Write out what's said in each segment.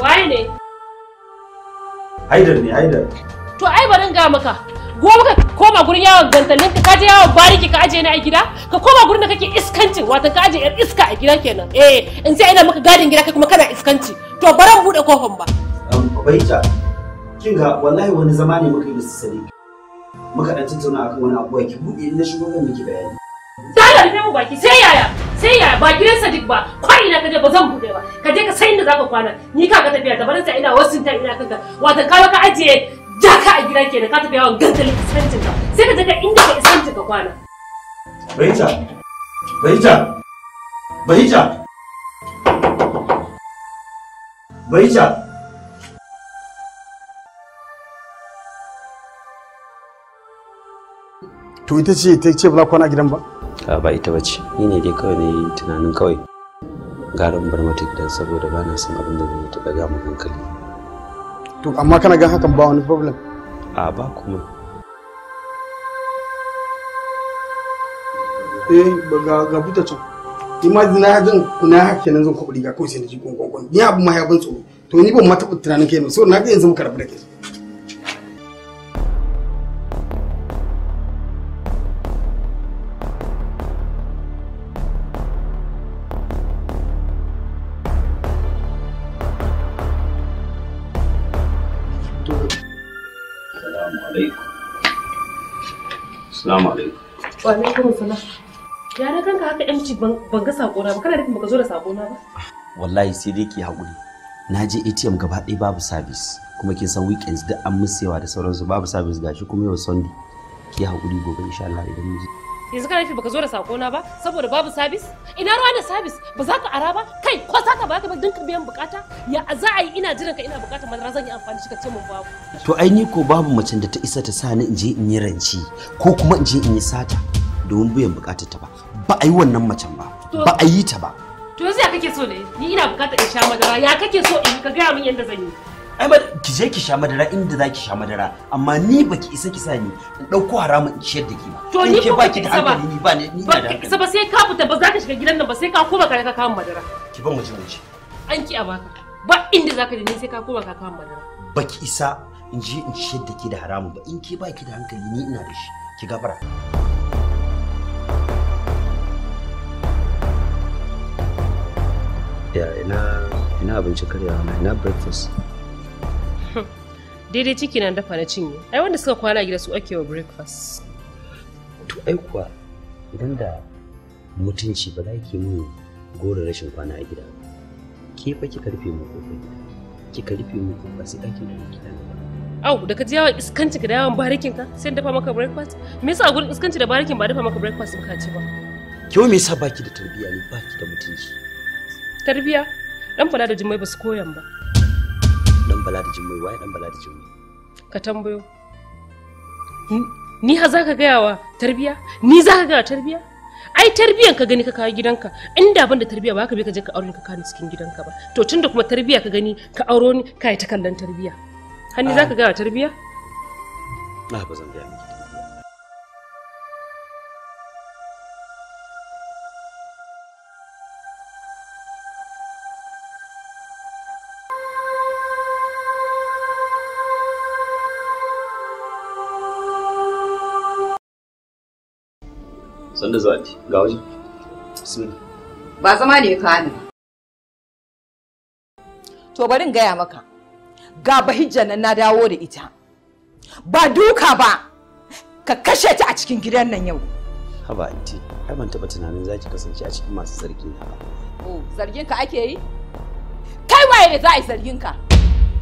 Waye ne? Haidar ne, Haidar. To ai bari ga maka. Gobe ka koma gurin yawon gantalin ka je yawon bariki ka aje ni a gida ka koma gurin da kake iskanci wato ka aje yar iska a gida kenan eh in sai ina maka gadin gida kai kuma kana iskanci to baran bude kofin ba um baita kin ga wallahi wani zama ne muka yi da sani muka dan tattauna akan wani abu ki bude in na shugaban miki bayani da da mu baki sai yaya sai ya ba gidan Sadiq ba ko ina kaje ba zan bude ba kaje ka sai inda zaka kwana ni ka ga tafiya da barin ina wasu ta ina kanka wato ka ka ajiye jaka a gida kenan ka tafi yawan gangalin iskancin ka sai ka je ka inda ka iskancin ka kwana Baita Baita Baita Baita To ita ce ta ce ba za kwana gidan ba? ba ita bace ni ne dai kawai ne tunanin kawai garin bar mata gidan saboda ba na son abin da zai ta daga mu hankali to amma kana gan hakan ba wani problem a ba kuma eh ba ga ga buta to ni na jin kuna hakke nan zan kuɓi riga kawai sai na ji gongon ni abu ma ya ban tsoro to ni ban ma taɓa tunanin kai ne so na ga yanzu muka rabu da kai alaikum. Assalamu alaikum. Wa alaikum assalam. Ya na kanka haka yanci ban ga sako na ba kana nufin baka zo da sako na ba? Wallahi sai dai ki haƙuri. Na je ATM gaba ɗaya babu service kuma kin san weekends duk an musewa da sauransu babu service gashi kuma yau Sunday. Ki haƙuri gobe insha Allah idan mun je. yanzu kana nufi baka zo da sako na ba saboda babu sabis ina ruwa da sabis ba za ka ara ba kai ko za ka ba ka biyan bukata ya za a yi ina jiran ka ina bukata madara zan yi amfani shi ka ce mun babu to ai ni ko babu macen da ta isa ta sa ni in je in yi ranci ko kuma in je in yi sata domin biyan bukatar ta ba ba a yi wannan macen ba ba a yi ta ba to yanzu ya kake so ne ni ina bukata in sha madara ya kake so in ka gaya min yadda zan yi ai ki je ki sha madara inda za ki sha madara amma ni baki isa ki sa ni in ɗauko haramun in ciyar da ki ba to ni eh, ba ki da hankali ni ba ni ba da ba sai ka fita ba za ka shiga gidan nan ba sai ka koma ka ka kawo madara ki ban muje muje an ki a baka ba inda za ka je ni sai ka koma ka kawo madara baki isa in je in ciyar da ki da haramun ba in ke ba ki da hankali ni ina da shi ki gafara ya ina ina abinci karyawa na ina breakfast daidai ciki na dafa na cinye ai wanda suka kwana gida su ake wa breakfast to ai kuwa idan da mutunci ba za ki mun gore rashin kwana a gida ke fa ki karfe mu ko gida ki karfe mu ba sai ake da gida na Au, da ka je yawan iskanci da yawan barikin ka sai dafa maka breakfast? Me yasa gurin iskanci da barikin ba dafa maka breakfast ba ce ba? Kyau me yasa baki da tarbiyya ne baki da mutunci? Tarbiyya? Dan fada da jimai ba su koyan ba. bala da jimmai waye dan bala da jimmai ka tambayo ni ha ka gaya wa tarbiya ni za ka gaya tarbiya ai tarbiyan ka gani ka kawo gidanka inda ban da tarbiya ba ka bi ka je ka aure ka kawo cikin gidanka ba to tunda kuma tarbiya ka gani ka aure ni ka yi ta kallon tarbiya za ka gaya tarbiya na ba zan gaya miki sanda zuwa anti ga waje bismillah ba zama ne ka ni to bari in gaya maka ga bahijjar nan na dawo da ita ba duka ba ka kashe ta a cikin gidan nan yau haba anti ai ban taba tunanin ki kasance a cikin masu zargi oh zargin ka ake yi kai waye ne za a yi zargin ka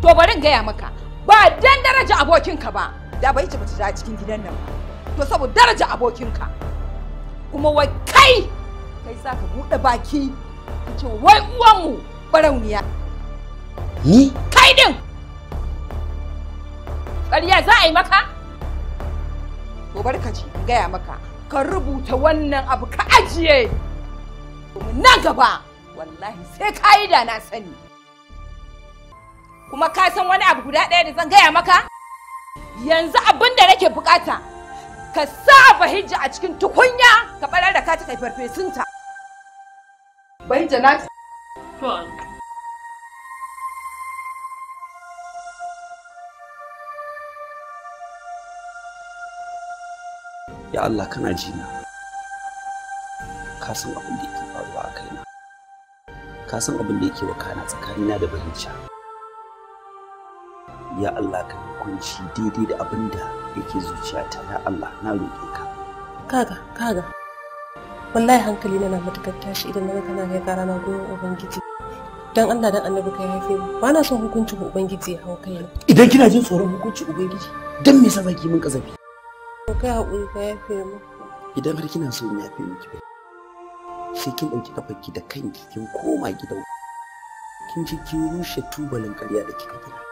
to bari in gaya maka ba dan daraja abokinka ba da bai ta bata cikin gidan nan to saboda daraja abokinka kuma wai kai kai za ka buɗe baki ka ce wai uwanmu barauniya ni kai din ƙarya za a yi maka to barka ce gaya maka ka rubuta wannan abu ka ajiye Domin nan gaba wallahi sai ka na sani kuma ka san wani abu guda ɗaya da zan gaya maka yanzu abin da nake bukata ka sa bahijja a cikin tukunya ka barar da ka ta kai farfesunta Bai na to ya Allah kana ji na. ka san abin da yake faruwa a kaina ka san abin da yake wakana tsakanina da bahijja ya Allah ka hukunci daidai da abin da yake zuciyata ya Allah na roƙe ka kaga kaga wallahi hankali na na matukar tashi idan naga kana kai kara na goyon ubangiji dan Allah dan annabi kai haife mu ba na son hukuncin ubangiji ya hau kai idan kina jin tsoron hukuncin ubangiji dan me yasa zaki min kazafi ko kai hakuri ka haife mu idan har kina son ya haife miki ba sai kin dauki kafarki da kanki kin koma gidan kin ji kin rushe tubalin ƙarya da kika gina